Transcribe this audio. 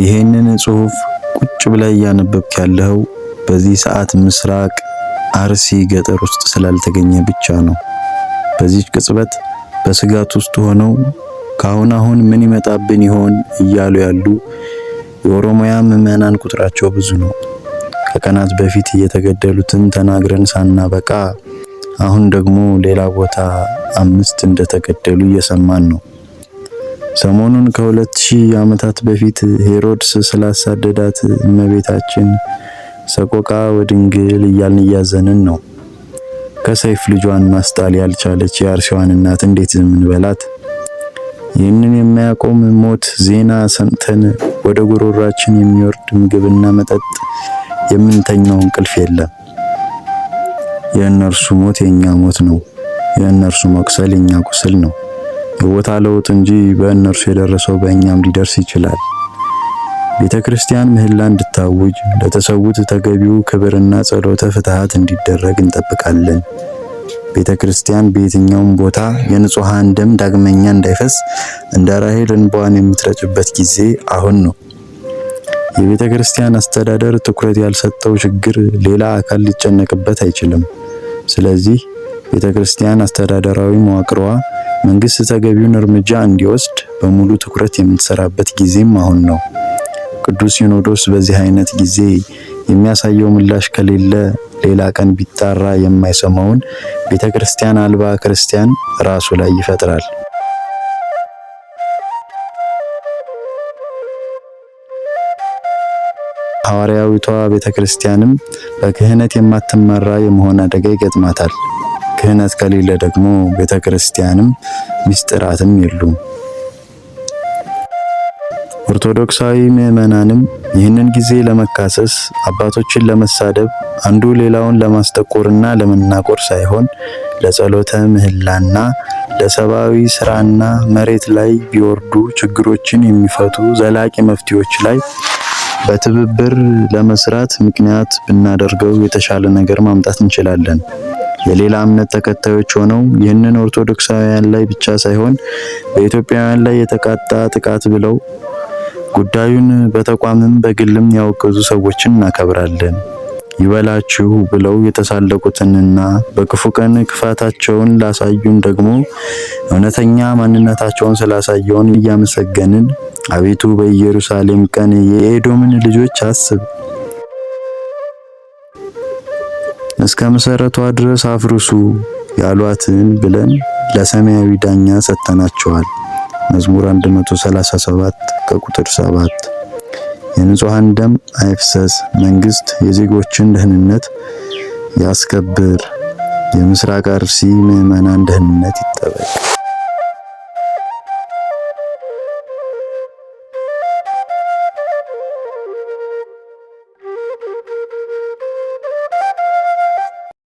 ይሄንን ጽሑፍ ቁጭ ብለህ እያነበብክ ያለኸው በዚህ ሰዓት ምስራቅ አርሲ ገጠር ውስጥ ስላልተገኘ ብቻ ነው። በዚህ ቅጽበት በስጋት ውስጥ ሆነው ከአሁን አሁን ምን ይመጣብን ይሆን እያሉ ያሉ የኦሮሞያ ምዕመናን ቁጥራቸው ብዙ ነው። ከቀናት በፊት እየተገደሉትን ተናግረን ሳናበቃ አሁን ደግሞ ሌላ ቦታ አምስት እንደተገደሉ እየሰማን ነው። ሰሞኑን ከሁለት ሺህ ዓመታት በፊት ሄሮድስ ስላሳደዳት እመቤታችን ሰቆቃ ወድንግል እያልን እያዘንን ነው። ከሰይፍ ልጇን ማስጣል ያልቻለች የአርሲዋን እናት እንዴት ዝምን በላት? ይህንን የማያቆም ሞት ዜና ሰምተን ወደ ጉሮሯችን የሚወርድ ምግብና መጠጥ፣ የምንተኛው እንቅልፍ የለም። የእነርሱ ሞት የኛ ሞት ነው። የእነርሱ መቁሰል የኛ ቁስል ነው። የቦታ ለውጥ እንጂ በእነርሱ የደረሰው በእኛም ሊደርስ ይችላል። ቤተ ክርስቲያን ምህላ እንድታውጅ ለተሰዉት ተገቢው ክብርና ጸሎተ ፍትሃት እንዲደረግ እንጠብቃለን። ቤተ ክርስቲያን በየትኛውም ቦታ የንጹሐን ደም ዳግመኛ እንዳይፈስ እንደ ራሔል እንባዋን የምትረጭበት ጊዜ አሁን ነው። የቤተ ክርስቲያን አስተዳደር ትኩረት ያልሰጠው ችግር ሌላ አካል ሊጨነቅበት አይችልም። ስለዚህ ቤተ ክርስቲያን አስተዳደራዊ መዋቅሯ መንግስት ተገቢውን እርምጃ እንዲወስድ በሙሉ ትኩረት የምትሰራበት ጊዜም አሁን ነው። ቅዱስ ሲኖዶስ በዚህ አይነት ጊዜ የሚያሳየው ምላሽ ከሌለ ሌላ ቀን ቢጣራ የማይሰማውን ቤተ ክርስቲያን አልባ ክርስቲያን ራሱ ላይ ይፈጥራል። ሐዋርያዊቷ ቤተ ክርስቲያንም በክህነት የማትመራ የመሆን አደጋ ይገጥማታል። ክህነት ከሌለ ደግሞ ቤተ ክርስቲያንም ምስጢራትም የሉም። ኦርቶዶክሳዊ ምዕመናንም ይህንን ጊዜ ለመካሰስ አባቶችን ለመሳደብ አንዱ ሌላውን ለማስጠቆርና ለመናቆር ሳይሆን ለጸሎተ ምህላና ለሰብአዊ ስራና መሬት ላይ ቢወርዱ ችግሮችን የሚፈቱ ዘላቂ መፍትሄዎች ላይ በትብብር ለመስራት ምክንያት ብናደርገው የተሻለ ነገር ማምጣት እንችላለን። የሌላ እምነት ተከታዮች ሆነው ይህንን ኦርቶዶክሳውያን ላይ ብቻ ሳይሆን በኢትዮጵያውያን ላይ የተቃጣ ጥቃት ብለው ጉዳዩን በተቋምም በግልም ያወገዙ ሰዎችን እናከብራለን። ይበላችሁ ብለው የተሳለቁትንና በክፉ ቀን ክፋታቸውን ላሳዩን ደግሞ እውነተኛ ማንነታቸውን ስላሳየውን እያመሰገንን አቤቱ በኢየሩሳሌም ቀን የኤዶምን ልጆች አስብ። እስከ መሰረቷ ድረስ አፍርሱ ያሏትን ብለን ለሰማያዊ ዳኛ ሰጥተናቸዋል። መዝሙር 137 ከቁጥር 7 የንጹሃን ደም አይፍሰስ፣ መንግስት የዜጎችን ደህንነት ያስከብር፣ የምስራቅ አርሲ ምዕመናን ደህንነት ይጠበቅ።